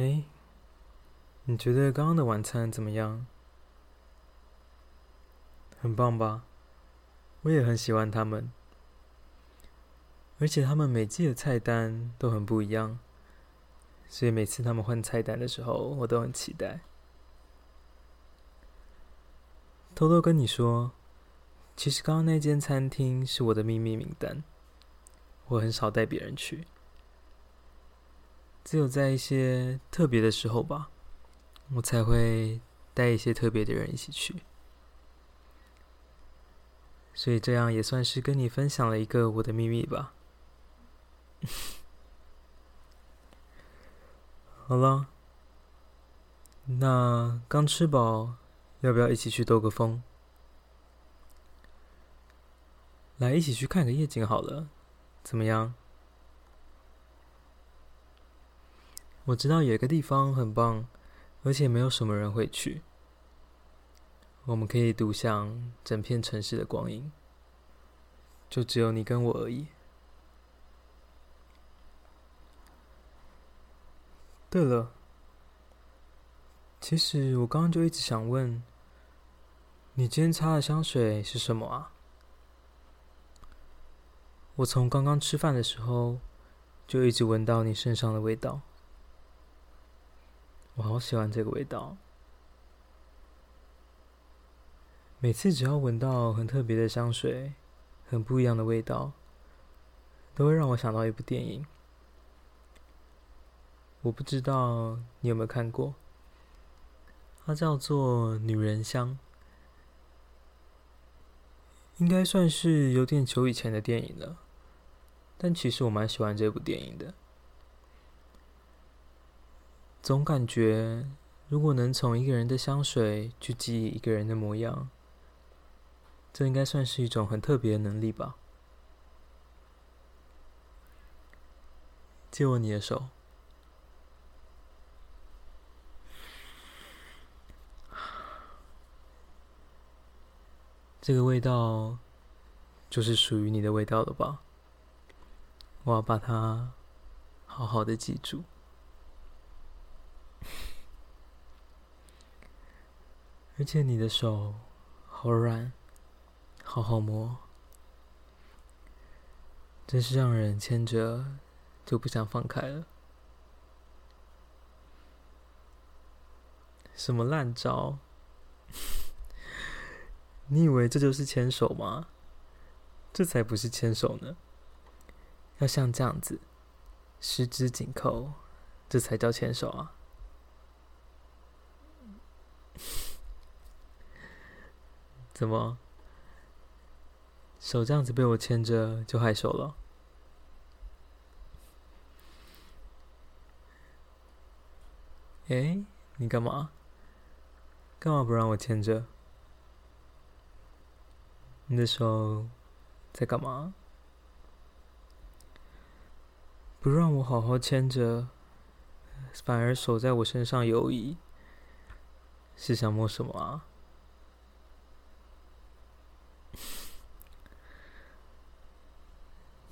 誒，你覺得剛剛的晚餐怎麼樣？很棒吧？我也很喜歡他們，而且他們每季的菜單都很不一樣，所以每次他們換菜單的時候，我都很期待。偷偷跟你說，其實剛剛那間餐廳是我的秘密名單，我很少帶別人去。只有在一些特別的時候吧，我才會帶一些特別的人一起去，所以這樣也算是跟你分享了一個我的秘密吧。 好了，那剛吃飽，要不要一起去兜個風？來一起去看個夜景好了，怎麼樣？我知道有一個地方很棒，而且沒有什麼人會去。我們可以獨享整片城市的光影，就只有你跟我而已。對了，其實我剛剛就一直想問，你今天擦的香水是什麼啊？我從剛剛吃飯的時候就一直聞到你身上的味道。我好喜歡這個味道。每次只要聞到很特別的香水，很不一樣的味道，都會讓我想到一部電影。我不知道你有沒有看過，它叫做《女人香》，應該算是有點久以前的電影了，但其實我蠻喜歡這部電影的。總感覺，如果能從一個人的香水去記憶一個人的模樣，這應該算是一種很特別的能力吧？借我你的手，這個味道就是屬於你的味道了吧？我要把它好好的記住。而且你的手好軟，好好摸，真是讓人牽着就不想放開了。什麼爛招？ 你以為這就是牽手嗎？這才不是牽手呢，要像這樣子，十指緊扣，這才叫牽手啊！怎麼？手這樣子被我牽着就害羞了？哎，你幹嘛？幹嘛不讓我牽着？你的手在幹嘛？不讓我好好牽着，反而手在我身上游移，是想摸什麼啊？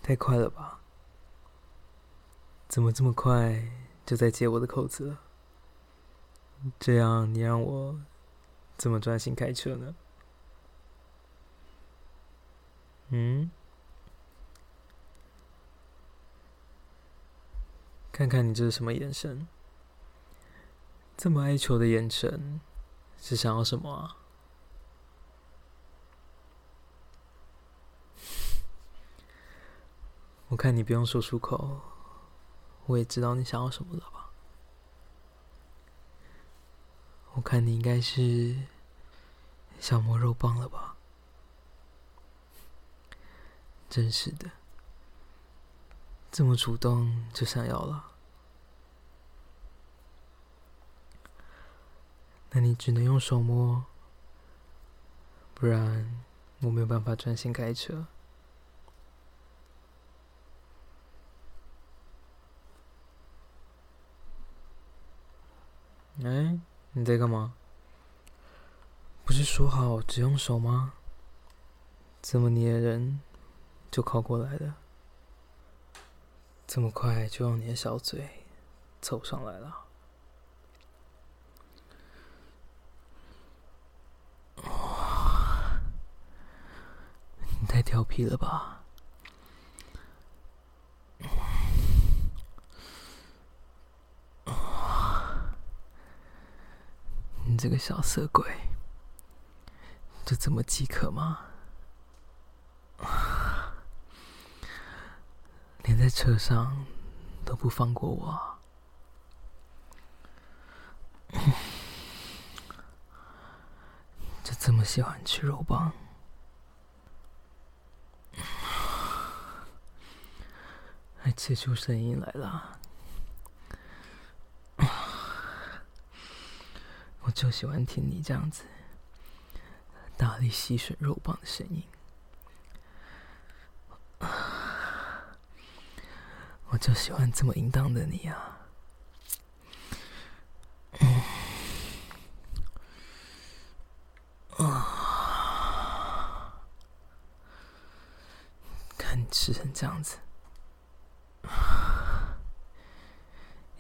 太快了吧！怎麼這麼快就在解我的扣子了？這樣你讓我怎麼專心開車呢？嗯？看看你這是什麼眼神？這麼哀求的眼神，是想要什麼啊？我看你不用說出口，我也知道你想要什麼了吧？我看你應該是想摸肉棒了吧？真是的，這麼主動就想要了，那你只能用手摸，不然我沒有辦法專心開車。哎、欸，你在幹嘛？不是說好只用手嗎？這麼黏人就靠過來了？這麼快就用你的小嘴湊上來了？哇，你太調皮了吧！小色鬼，就這麼飢渴嗎？ 連在車上都不放過我，啊， 就這麼喜歡吃肉棒， 還吃出聲音來了。我就喜歡聽你這樣子大力吸吮肉棒的聲音，我就喜歡這麼淫蕩的你啊！啊！看你吃成這樣子，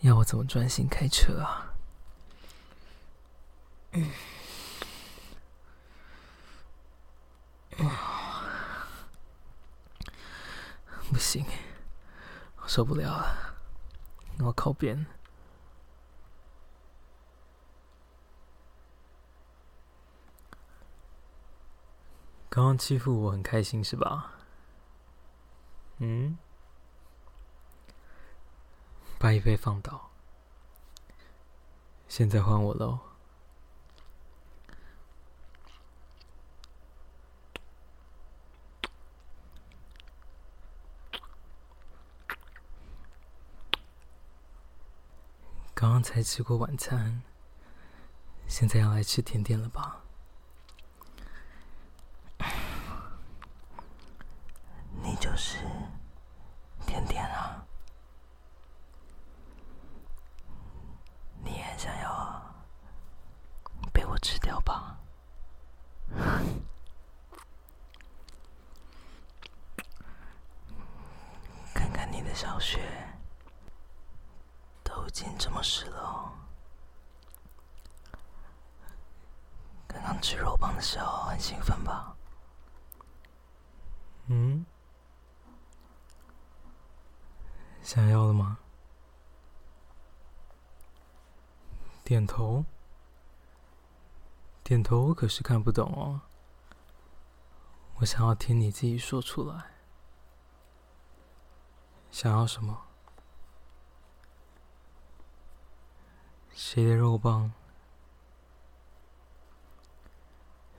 要我怎麼專心開車啊？哦，不行，我受不了了，我靠邊。剛剛欺負我很開心是吧？嗯，把椅背放倒，現在換我嘍。才吃過晚餐，現在要來吃甜點了吧？你就是甜點啊！你也想要被我吃掉吧？ 看看你的小穴。剛剛吃肉棒的時候很興奮吧？嗯，想要了嗎？點頭？點頭，我可是看不懂哦。我想要聽你自己說出來。想要什麼？誰的肉棒？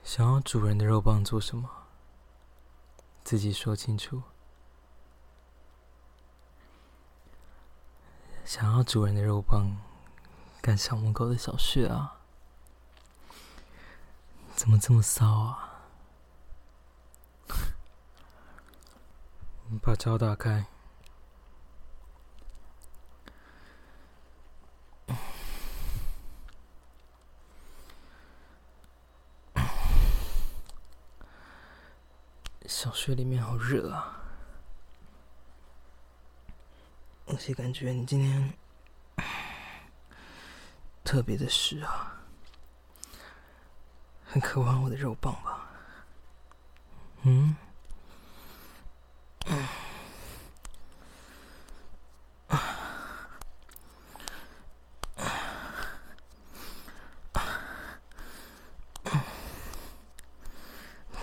想要主人的肉棒做什麼？自己說清楚。想要主人的肉棒，幹小母狗的小穴啊？怎麼這麼騷啊？ 你把腳打開。小穴裡面好熱啊！而且感覺你今天特別的濕啊，很渴望我的肉棒吧？嗯嗯，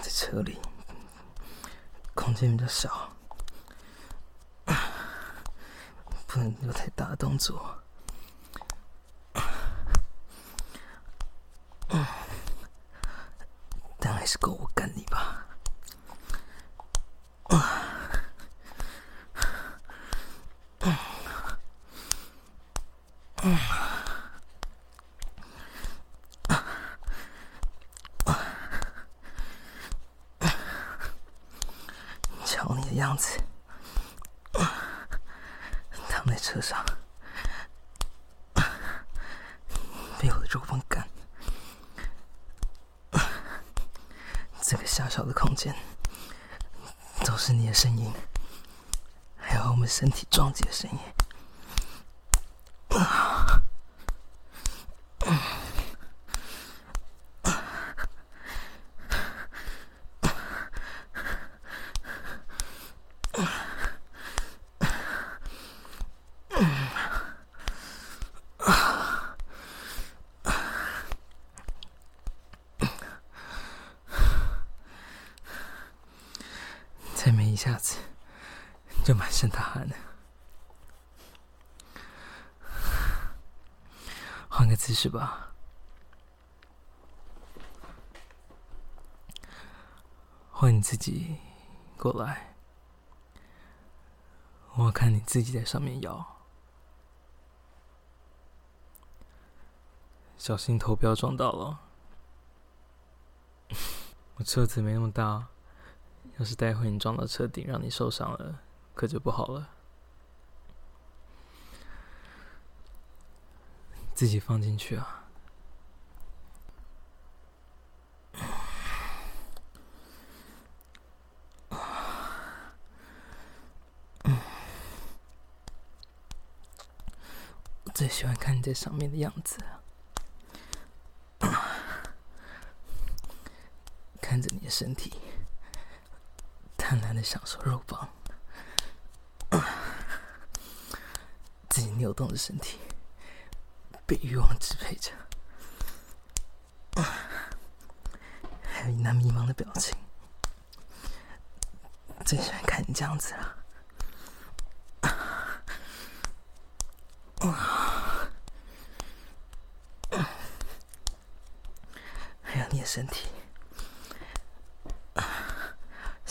在車裡。空間比較小，不能有太大的動作。你的樣子，躺在車上，被我的柔光感，這個狹小的空間，都是你的聲音，還有我們身體撞擊的聲音。下次就滿身大汗的。換個姿勢吧，換你自己過來。我看你自己在上面搖，小心頭不要撞到了。我車子沒那麼大。要是待會你撞到車頂，讓你受傷了，可就不好了。自己放進去啊！我最喜歡看你在上面的樣子了。看着你的身體。難得享受肉棒，自己扭動的身體，被慾望支配着，還有你那迷茫的表情，最喜歡看你這樣子了，哇，還有你的身體。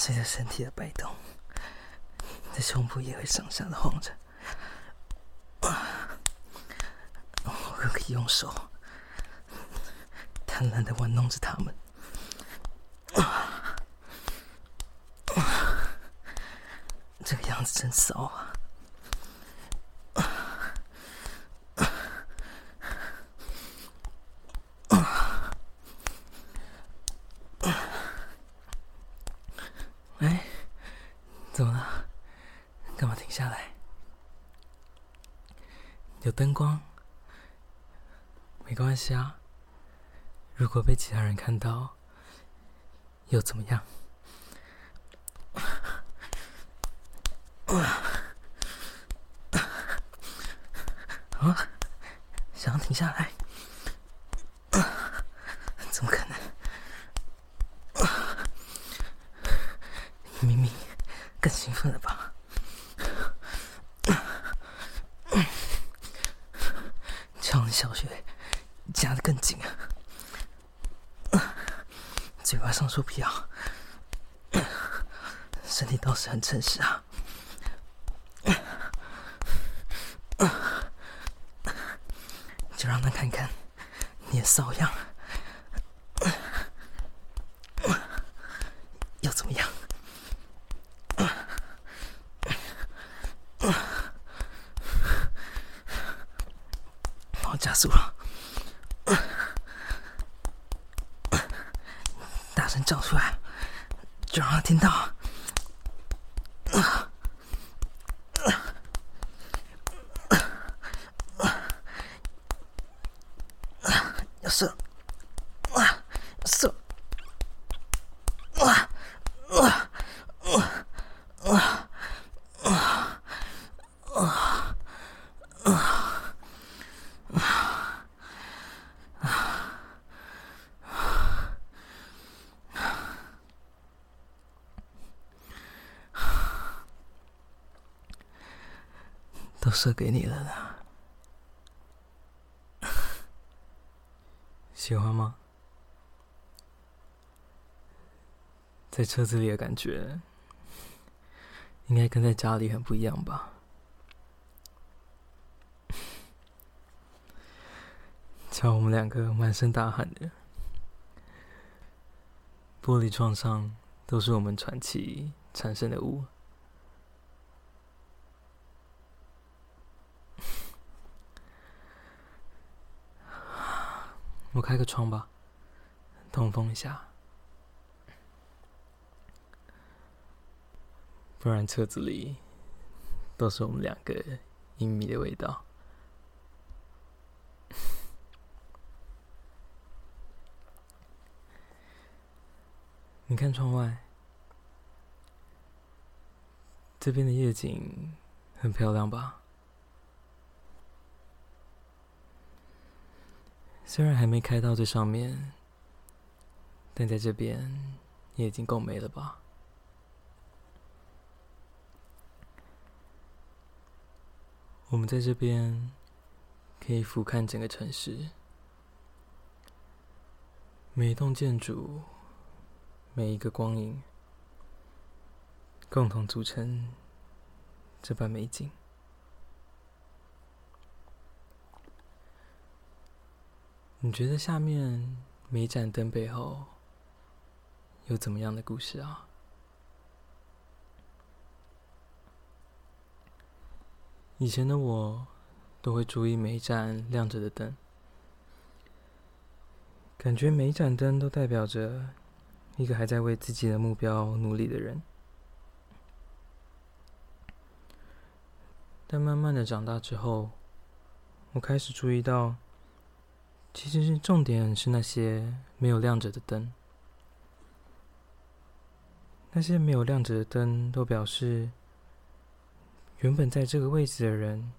隨着身體的擺動，你的胸部也會上下的晃着，哦、我可以用手貪婪的玩弄着他們、哦，這個樣子真騷啊！停下來，有燈光，沒關係啊。如果被其他人看到，又怎麼樣？啊！想要停下來？啊，怎麼可能？啊，你明明更興奮了吧？像小穴夾得更緊。啊，嘴巴上說不要，身體倒是很誠實啊，就讓他看看，你的騷樣。大聲叫出來，就讓他聽到啊。都射給你了啦。喜歡嗎？在車子裡的感覺，應該跟在家裡很不一樣吧？瞧我們兩個滿身大汗的，玻璃窗上都是我們喘氣產生的霧。我開個窗吧，通風一下，不然車子裡都是我們兩個淫靡的味道。你看窗外，這邊的夜景很漂亮吧？雖然還沒開到最上面，但在這邊也已經夠美了吧？我們在這邊可以俯瞰整個城市，每一棟建築、每一個光影，共同組成這般美景。你覺得下面每盞燈背後有怎麼樣的故事啊？以前的我都會注意每一盞亮着的燈，感覺每一盞燈都代表着一個還在為自己的目標努力的人。但慢慢的長大之後，我開始注意到。其實是重點是那些沒有亮着的燈，那些沒有亮着的燈都表示，原本在這個位置的人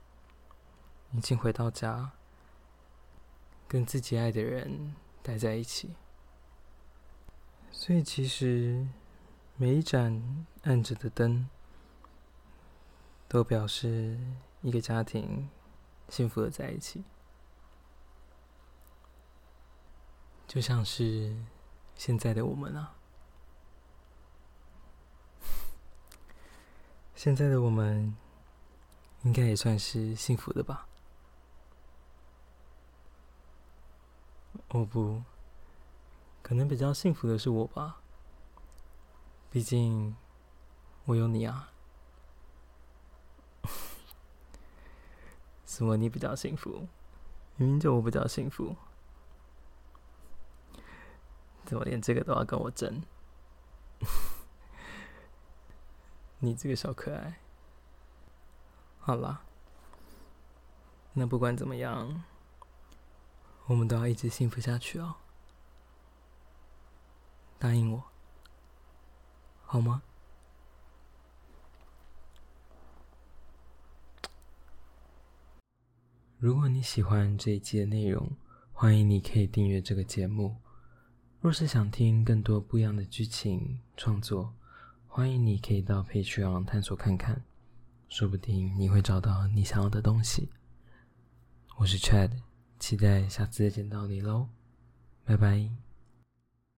已經回到家，跟自己愛的人待在一起。所以，其實每一盞暗着的燈，都表示一個家庭幸福的在一起。就像是現在的我們啊，現在的我們應該也算是幸福的吧？哦，不，可能比較幸福的是我吧，畢竟我有你啊。怎麼你比較幸福？明明就我比較幸福。怎麼連這個都要跟我爭？ 你這個小可愛，好啦，那不管怎麼樣，我們都要一直幸福下去哦！答應我好嗎？如果你喜歡這一期的內容，歡迎你可以訂閱這個節目。若是想聽更多不一樣的劇情創作，歡迎你可以到 Patreon 探索看看，說不定你會找到你想要的東西。我是 Chad，期待下次再見到你嘍，拜拜。